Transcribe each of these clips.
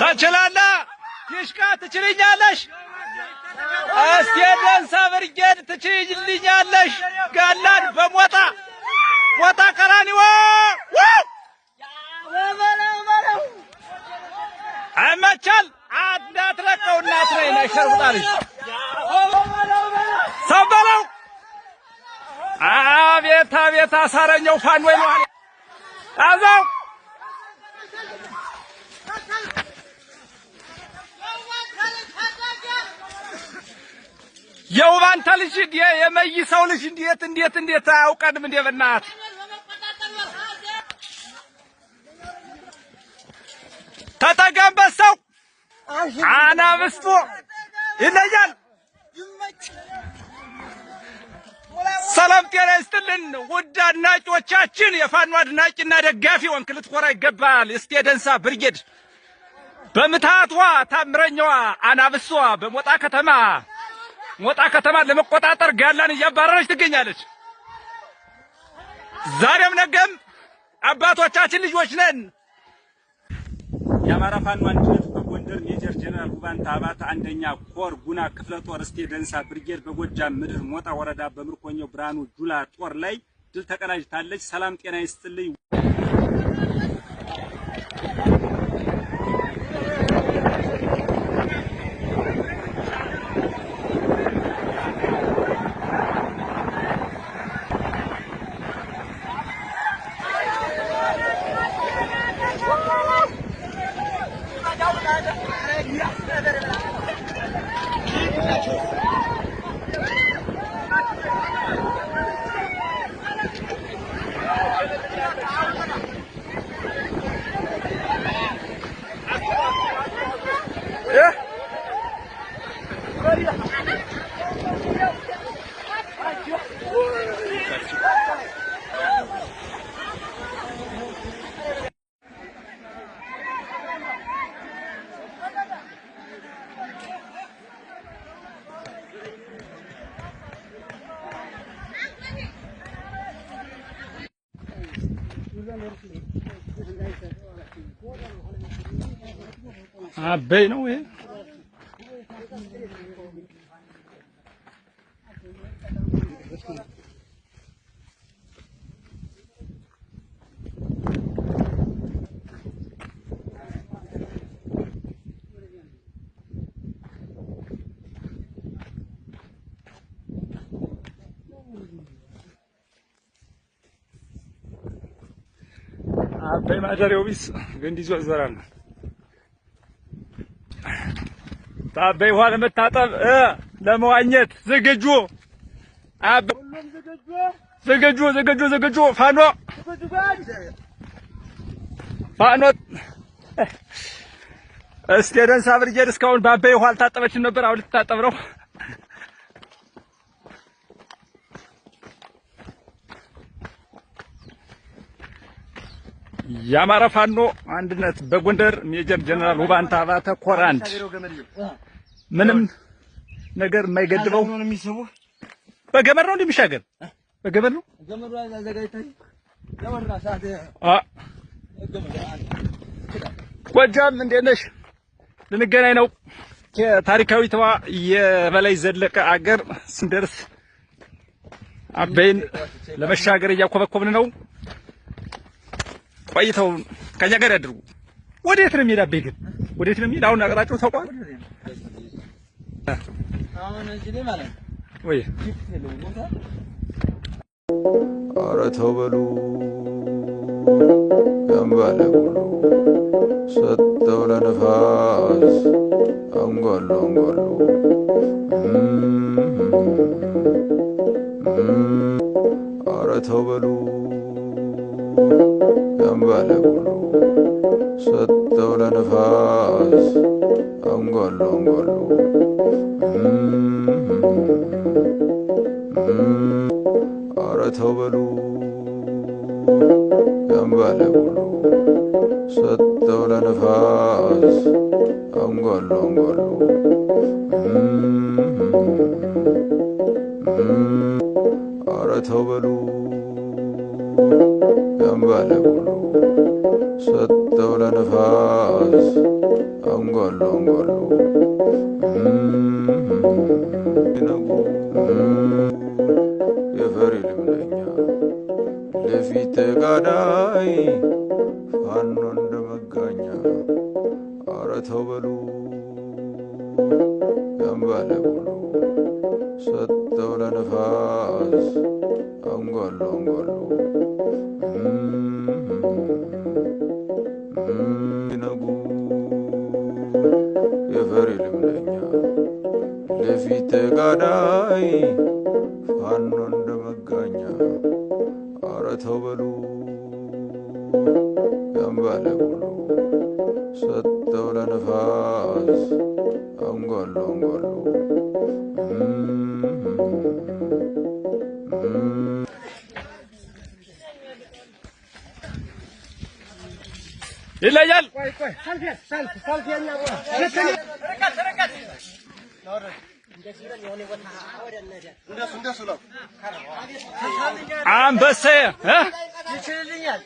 ትችላለህ፣ ዲሽቃ ትችልኛለሽ፣ እስቴር ዳንሳ ብርጌድ ትችልኛለሽ፣ ጋላን በሞጣ ሞጣ ቀራኒዎ አይመቻል እንዳትለቀው እናት ነኝ ነሽ ሸርቡጣልሽ ሰው በለው። አቤት አቤት አሳረኛው ፋን ወይ ነው አዛው የውባንታ ልጅ የመይሰው ልጅ እንዴት እንዴት እንዴት አያውቀንም እንዴ? በእናት ተጠቀምበት። ሰው አናብስቱ ይለያል። ሰላም ጤና ይስጥልን ውድ አድናቂዎቻችን፣ የፋኖ አድናቂና ደጋፊ ወንክ ልትኮራ ይገባል። እስቴ ደንሳ ብርጌድ በምትሃቷ ታምረኛዋ አናብሷ በሞጣ ከተማ ሞጣ ከተማ ለመቆጣጠር ጋላን እያባረረች ትገኛለች። ዛሬም ነገም አባቶቻችን ልጆች ነን። የአማራ ፋኖ አንድነት በጎንደር ሜጀር ጀነራል ጉባንታ አባት አንደኛ ኮር ጉና ክፍለ ጦር እስቴ ደንሳ ብርጌድ በጎጃም ምድር ሞጣ ወረዳ በምርኮኛው ብርሃኑ ጁላ ጦር ላይ ድል ተቀናጅታለች። ሰላም ጤና ይስጥልኝ። Ah, bem, não é? Ah, bem, a já eu vi isso. Vem በውሃ ለመታጠብ ለመዋኘት ዝግጁ ዝግጁ ዝግጁ ዝግጁ ፋኖ ፋኖ እስቴደንስ ብርጌድ እስካሁን በአባይ ውሃ አልታጠበችም ነበር። አሁን ልትታጠብ ነው። የአማራ ፋኖ አንድነት በጎንደር ሜጀር ጀነራል ውባንታ አባተ ኮር አንድ ምንም ነገር የማይገድበው በገመድ ነው እንደሚሻገር በገመድ ነው። ጎጃም እንዴት ነሽ? ልንገናኝ ነው። ታሪካዊቷ የበላይ ዘለቀ አገር ስንደርስ አበይን ለመሻገር እያኮበኮብን ነው። ቆይተው ከኛ ጋር ያድርጉ። ወዴት ነው የሚሄድ? አቤ ግን ወዴት ነው የሚሄድ? አሁን አቅጣጫው ታውቋል። አሁን እዚህ ላይ ማለት ነው ወይ? ኧረ ተው በሉ ያምባለ ሁሉ ሰጠው ለነፋስ አንጓሉ አንጓሉ ኧረ ተው በሉ ያምባለ ኩሉ ሰጠው ለነፋስ አንጓሉ አንጓሉ አረተው በሉ ያምባለ ኩሉ ሰጠው ለነፋስ አንጓሉ አንጓሉ አረተው በሉ ያምባለ ኩሉ ሰጠው ለነፋስ አንጓሉ አንጓሉ የፈሪ ልምደኛ ለፊት ተጋዳይ ፋኖ እንደ መጋኛ አረተው በሉ ያምባለ ኩሉ ሰጠው ለነፋስ longolongolo ነጉ የፈሪ ልምደኛ ለፊት ተጋዳይ ፋኖ እንደመጋኛ አረተው በሉ ቀን ሰጥተው ለነፋስ አንጓሉ አንጓሉ ይለያል። አንበሴ ይችልልኛል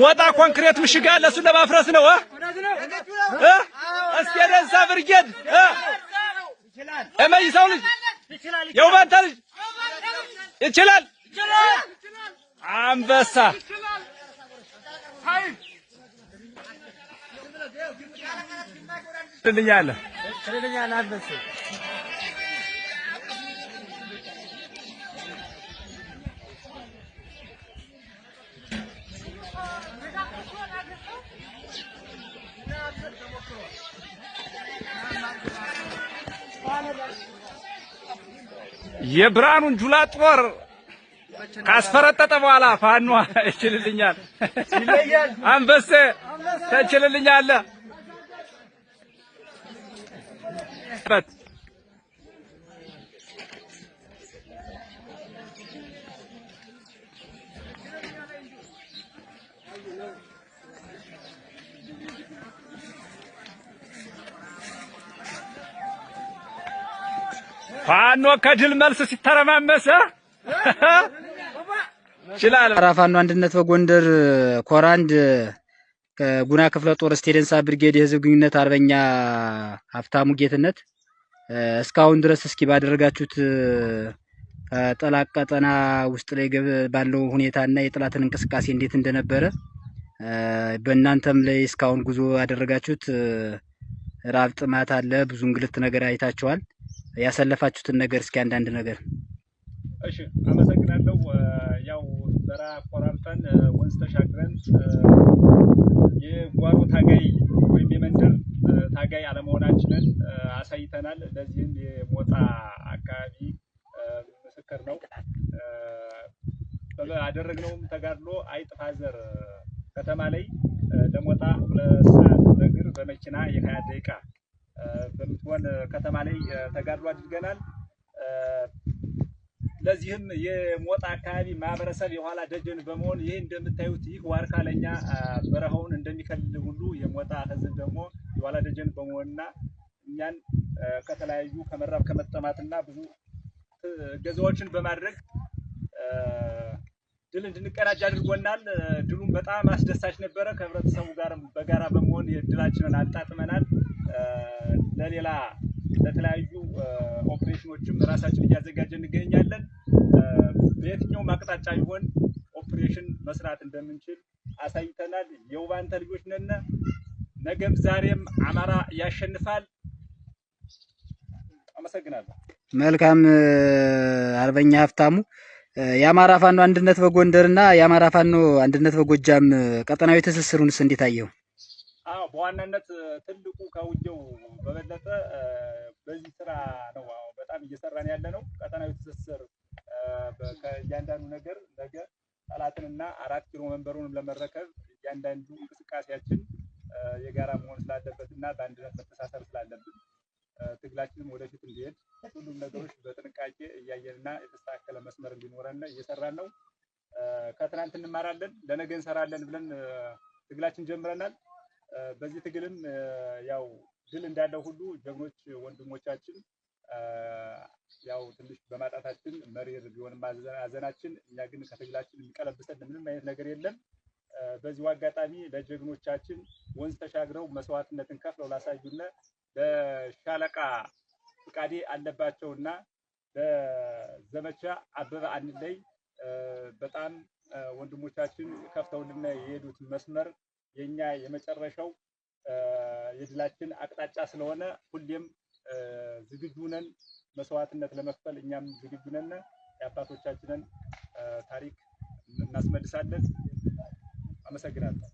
ሞጣ ኮንክሬት ምሽጋ ለሱ ለማፍረስ ነው። እስቲ የደንሳ ብርጌድ የመይሳው ልጅ የውባንታ ልጅ ይችላል። አንበሳ ትልኛለህ። የብርሃኑን ጁላ ጦር ካስፈረጠጠ በኋላ ፋኗ ይችልልኛል፣ አንበሴ ተችልልኛለህ። ፋኖ ከድል መልስ ሲተረማመሰ ይችላል። ፋኖ አንድነት በጎንደር ኮራንድ ከጉና ክፍለ ጦር ስቴደንሳ ብርጌድ የህዝብ ግንኙነት አርበኛ ሀብታሙ ጌትነት እስካሁን ድረስ እስኪ ባደረጋችሁት ጠላት ቀጠና ውስጥ ላይ ባለው ሁኔታ እና የጠላትን እንቅስቃሴ እንዴት እንደነበረ በእናንተም ላይ እስካሁን ጉዞ ያደረጋችሁት ራብ ጥማት አለ፣ ብዙ እንግልት ነገር አይታችኋል። ያሳለፋችሁትን ነገር እስኪ አንዳንድ ነገር። እሺ፣ አመሰግናለሁ። ያው በራ ቆራርጠን ወንዝ ተሻግረን የጓሮ ታጋይ ወይም የመንደር ታጋይ አለመሆናችንን አሳይተናል። ለዚህም የሞጣ አካባቢ ምስክር ነው። አደረግነውም ተጋድሎ አይጥፋዘር ከተማ ላይ ለሞጣ ሁለት ሰዓት በእግር በመኪና የሀያ ደቂቃ በምትሆን ከተማ ላይ ተጋድሎ አድርገናል። ለዚህም የሞጣ አካባቢ ማህበረሰብ የኋላ ደጀን በመሆን ይህ እንደምታዩት ይህ ዋርካ ለኛ በረሃውን እንደሚከልል ሁሉ የሞጣ ህዝብ ደግሞ የኋላ ደጀን በመሆንና እኛን ከተለያዩ ከመራብ ከመጠማትና ብዙ ገዛዎችን በማድረግ ድል እንድንቀዳጅ አድርጎናል። ድሉም በጣም አስደሳች ነበረ። ከህብረተሰቡ ጋር በጋራ በመሆን የድላችንን አጣጥመናል። ለሌላ ለተለያዩ ኦፕሬሽኖችም ራሳችን እያዘጋጀ እንገኛለን። በየትኛውም አቅጣጫ ይሆን ኦፕሬሽን መስራት እንደምንችል አሳይተናል። የውባንተ ልጆች ነነ ነገም ዛሬም አማራ ያሸንፋል። አመሰግናለሁ። መልካም አርበኛ ሀብታሙ። የአማራ ፋኖ አንድነት በጎንደር እና የአማራ ፋኖ አንድነት በጎጃም ቀጠናዊ ትስስሩንስ እንዴት አየው? አዎ በዋናነት ትልቁ ከውየው በበለጠ በዚህ ስራ ነው በጣም እየሰራን ያለ ነው። ቀጠናዊ ትስስር ከእያንዳንዱ ነገር ነገ ጠላትንና አራት ኪሎ መንበሩንም ለመረከብ እያንዳንዱ እንቅስቃሴያችን የጋራ መሆን ስላለበት እና በአንድነት መተሳሰር ስላለብን ትግላችንም ወደፊት እንዲሄድ ሁሉም ነገሮች በጥንቃቄ እያየንና የተስተካከለ መስመር እንዲኖረን እየሰራን ነው። ከትናንት እንማራለን፣ ለነገ እንሰራለን ብለን ትግላችን ጀምረናል። በዚህ ትግልም ያው ድል እንዳለው ሁሉ ጀግኖች ወንድሞቻችን ያው ትንሽ በማጣታችን መሪር ቢሆንም አዘናችን፣ እኛ ግን ከትግላችን የሚቀለብሰን ምንም አይነት ነገር የለም። በዚሁ አጋጣሚ ለጀግኖቻችን ወንዝ ተሻግረው መስዋዕትነትን ከፍለው ላሳዩነ ለሻለቃ ፍቃዴ አለባቸውና በዘመቻ አበበ አንድ ላይ በጣም ወንድሞቻችን ከፍተውልና የሄዱት መስመር የኛ የመጨረሻው የድላችን አቅጣጫ ስለሆነ ሁሌም ዝግጁ ነን መስዋዕትነት ለመክፈል እኛም ዝግጁ ነን። የአባቶቻችንን ታሪክ እናስመልሳለን። አመሰግናለሁ።